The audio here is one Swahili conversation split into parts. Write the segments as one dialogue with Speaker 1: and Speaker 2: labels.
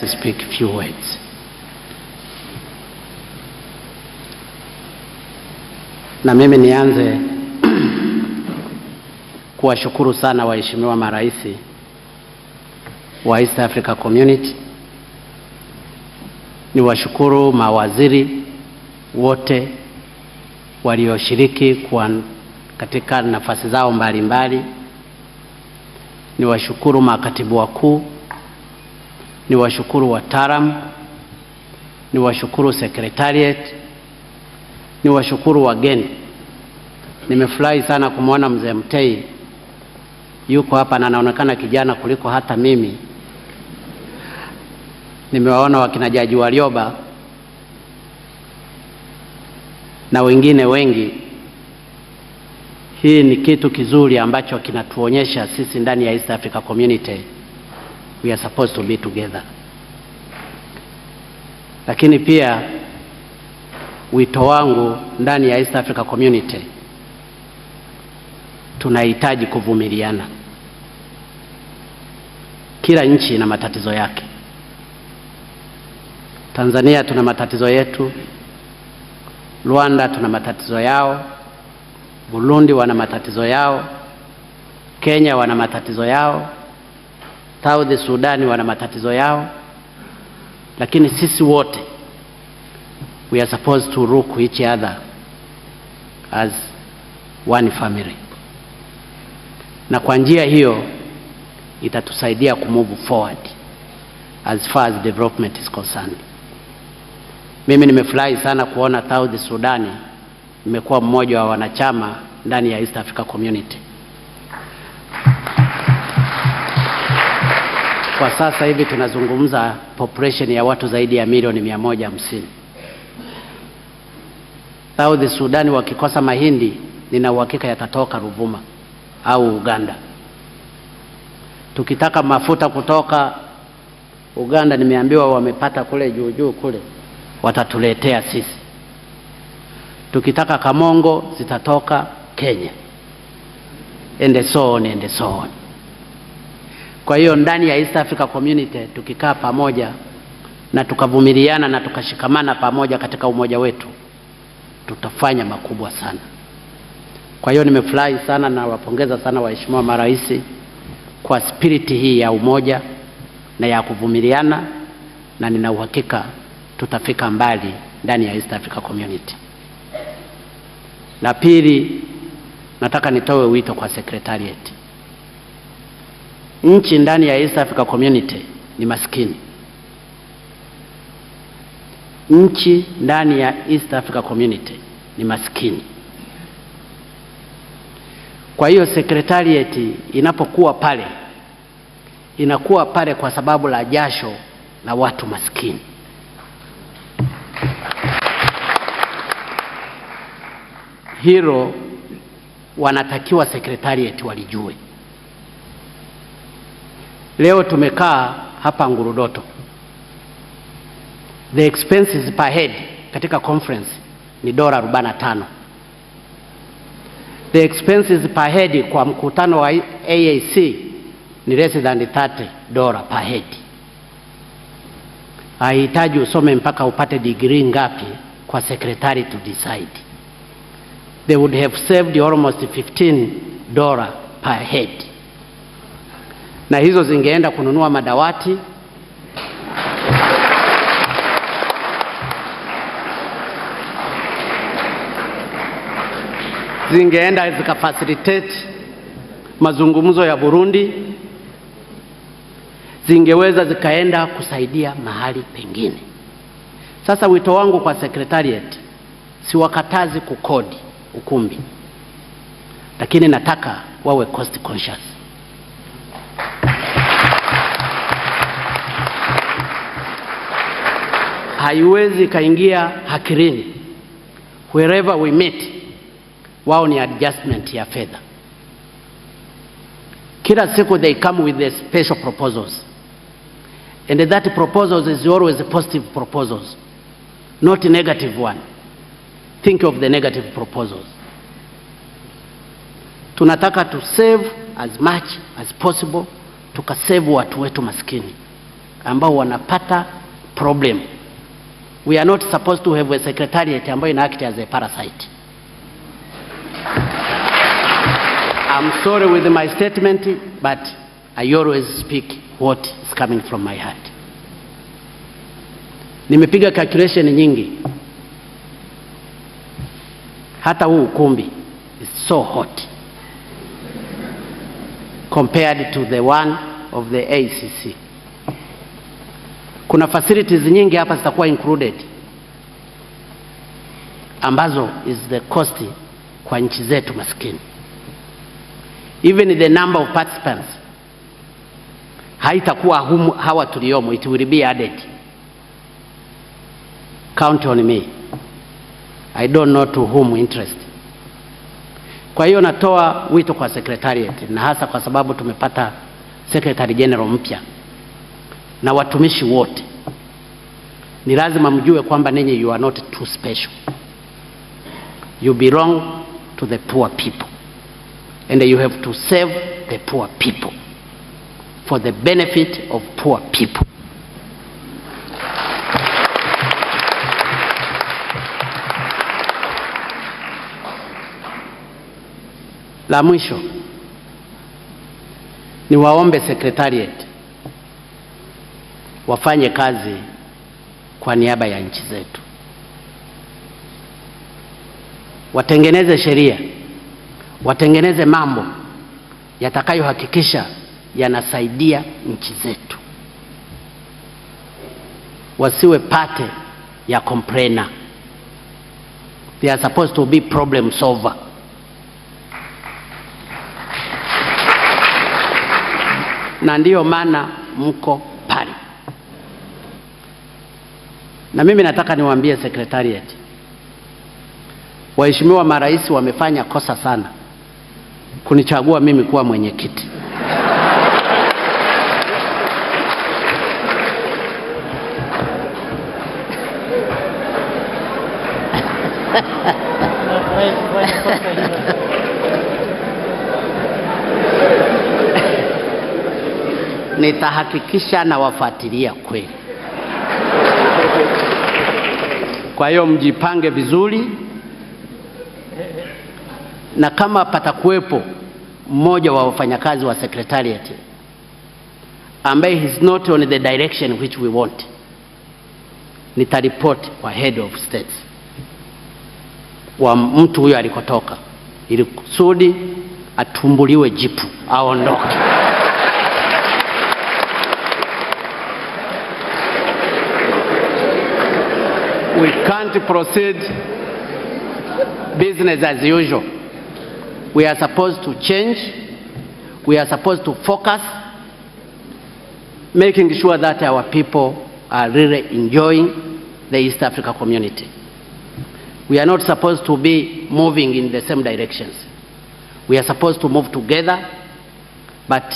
Speaker 1: to speak a few words. Na mimi nianze kuwashukuru sana waheshimiwa maraisi wa East Africa Community. Niwashukuru mawaziri wote walioshiriki kwa katika nafasi zao mbalimbali. Niwashukuru makatibu wakuu ni washukuru wataalam, ni washukuru secretariat, ni washukuru wageni. Nimefurahi sana kumwona mzee Mtei yuko hapa na anaonekana kijana kuliko hata mimi. Nimewaona wakina Jaji Warioba na wengine wengi. Hii ni kitu kizuri ambacho kinatuonyesha sisi ndani ya East Africa Community we are supposed to be together, lakini pia wito wangu ndani ya East Africa Community, tunahitaji kuvumiliana. Kila nchi ina matatizo yake. Tanzania tuna matatizo yetu, Rwanda tuna matatizo yao, Burundi wana matatizo yao, Kenya wana matatizo yao South Sudan wana matatizo yao, lakini sisi wote we are supposed to look each other as one family, na kwa njia hiyo itatusaidia kumove forward as far as development is concerned. Mimi nimefurahi sana kuona South Sudan imekuwa mmoja wa wanachama ndani ya East Africa Community. Kwa sasa hivi tunazungumza population ya watu zaidi ya milioni mia moja hamsini. South Sudan wakikosa mahindi, nina uhakika yatatoka Ruvuma au Uganda. Tukitaka mafuta kutoka Uganda, nimeambiwa wamepata kule juu juu kule, watatuletea sisi. Tukitaka kamongo zitatoka Kenya, ende so ende and kwa hiyo ndani ya East Africa Community tukikaa pamoja na tukavumiliana na tukashikamana pamoja katika umoja wetu tutafanya makubwa sana. Kwa hiyo nimefurahi sana na wapongeza sana waheshimiwa marais kwa spiriti hii ya umoja na ya kuvumiliana, na nina uhakika tutafika mbali ndani ya East Africa Community. La pili, nataka nitoe wito kwa sekretarieti nchi ndani ya East Africa Community ni maskini. Nchi ndani ya East Africa Community ni maskini. Kwa hiyo secretariat inapokuwa pale inakuwa pale kwa sababu la jasho la watu maskini. Hilo wanatakiwa secretariat walijue. Leo tumekaa hapa Ngurudoto, the expenses per head katika conference ni dola 45. The expenses per head kwa mkutano wa AAC ni less than 30 dola per head. Haihitaji usome mpaka upate degree ngapi kwa secretary to decide. They would have saved almost 15 dola per head na hizo zingeenda kununua madawati zingeenda zikafacilitate mazungumzo ya Burundi, zingeweza zikaenda kusaidia mahali pengine. Sasa wito wangu kwa sekretariat, siwakatazi kukodi ukumbi, lakini nataka wawe cost conscious. haiwezi ikaingia hakirini. Wherever we meet, wao ni adjustment ya fedha kila siku, they come with the special proposals and that proposals is always positive proposals not negative one. Think of the negative proposals. Tunataka to save as much as possible, tukasave watu wetu maskini ambao wanapata problem we are not supposed to have a secretariat ambayo ina act as a parasite. I'm sorry with my statement but I always speak what is coming from my heart. Nimepiga calculation nyingi, hata huu ukumbi is so hot compared to the one of the ACC kuna facilities nyingi hapa zitakuwa included ambazo is the cost kwa nchi zetu maskini. Even the number of participants haitakuwa humu, hawa tuliomo, it will be added. Count on me, I don't know to whom interest. Kwa hiyo natoa wito kwa secretariat na hasa kwa sababu tumepata secretary general mpya na watumishi wote, ni lazima mjue kwamba ninyi you are not too special, you belong to the poor people and you have to serve the poor people for the benefit of poor people. La mwisho niwaombe secretariat wafanye kazi kwa niaba ya nchi zetu, watengeneze sheria, watengeneze mambo yatakayohakikisha yanasaidia nchi zetu, wasiwe pate ya complainer. They are supposed to be problem solver. Na ndiyo maana mko Na mimi nataka niwaambie secretariat, waheshimiwa marais wamefanya kosa sana kunichagua mimi kuwa mwenyekiti. Nitahakikisha nawafuatilia kweli. Kwa hiyo mjipange vizuri, na kama patakuwepo mmoja wa wafanyakazi wa secretariat ambaye is not on the direction which we want, nitaripoti kwa head of state wa mtu huyo alikotoka, ili kusudi atumbuliwe jipu aondoke. we can't proceed business as usual. We are supposed to change. We are supposed to focus, making sure that our people are really enjoying the East Africa community. We are not supposed to be moving in the same directions. We are supposed to move together, but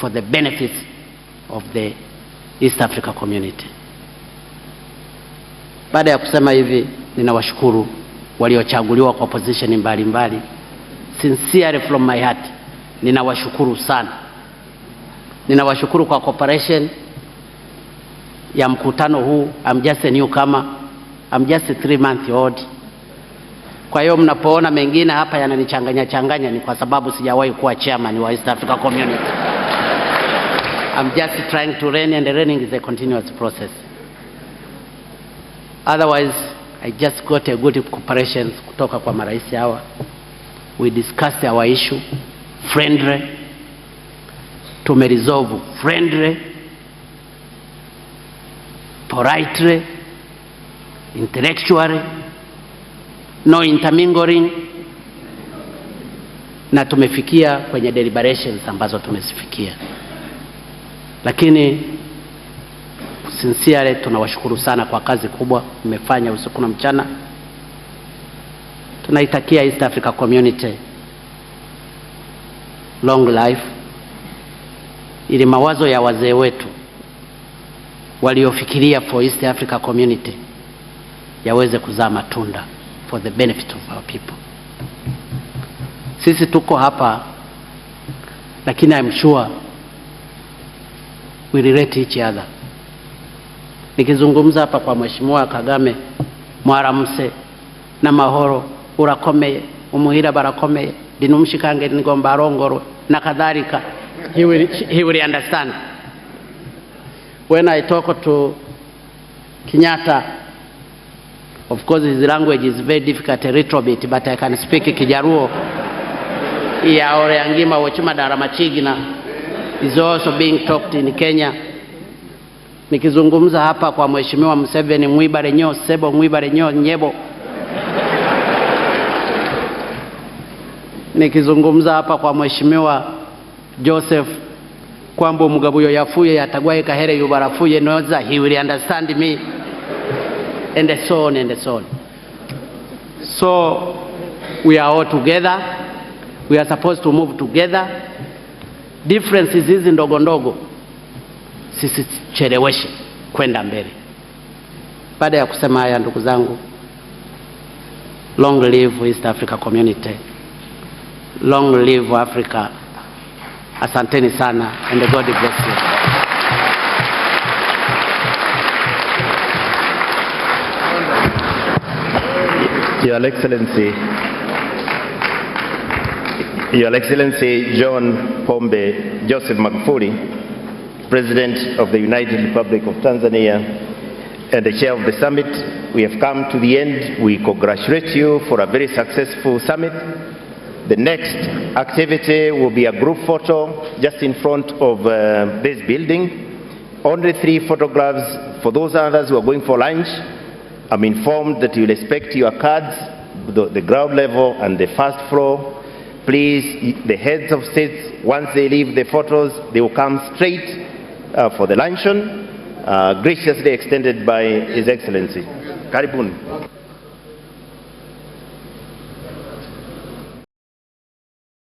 Speaker 1: for the benefits of the East Africa community. Baada ya kusema hivi, ninawashukuru waliochaguliwa kwa position mbalimbali sincerely from my heart, ninawashukuru sana. Ninawashukuru kwa cooperation ya mkutano huu. I'm just a newcomer, I'm just a three month old. Kwa hiyo mnapoona mengine hapa yananichanganya changanya ni kwa sababu sijawahi kuwa chairman wa East Africa Community. I'm just trying to learn and learning is a continuous process. Otherwise, I just got a good cooperation kutoka kwa marais hawa. We discussed our issue friendly, tumeresolve friendly, politely, intellectually, no intermingling, na tumefikia kwenye deliberations ambazo tumezifikia, lakini sincere, tunawashukuru sana kwa kazi kubwa mmefanya usiku na mchana. Tunaitakia East Africa Community long life, ili mawazo ya wazee wetu waliofikiria for East Africa Community yaweze kuzaa matunda for the benefit of our people. Sisi tuko hapa lakini I'm sure we relate each other nikizungumza hapa kwa Mheshimiwa Kagame mwaramse na mahoro urakomeye umuhira barakomeye ndinumushikangire nigomba arongorwe na kadhalika he will, he will understand when I talk to Kenyatta of course his language is very difficult a little bit but I can speak Kijaruo ya Oryangima Wochima Daramachigina is also being talked in Kenya nikizungumza hapa kwa Mheshimiwa Museveni nyo sebo nyo nyebo nikizungumza hapa kwa Mheshimiwa Joseph kwamba omugabuyo yafuye yatagwaye kahere yubarafuye noza he will understand me and so on and so on so we are all together we are supposed to move together differences hizi ndogo ndogo sisicheleweshe kwenda mbele. Baada ya kusema haya, ndugu zangu, long live East Africa Community, long live Africa. Asanteni sana and God bless you.
Speaker 2: Your Excellency, Your Excellency John Pombe Joseph Magufuli President of the United Republic of Tanzania, and the chair of the summit, we have come to the end. We congratulate you for a very successful summit. The next activity will be a group photo just in front of uh, this building. Only three photographs. For those others who are going for lunch, I'm informed that you'll expect your cards, the, the ground level and the first floor. Please, the heads of states, once they leave the photos, they will come straight uh, for the luncheon uh, graciously extended by His Excellency. Karibuni.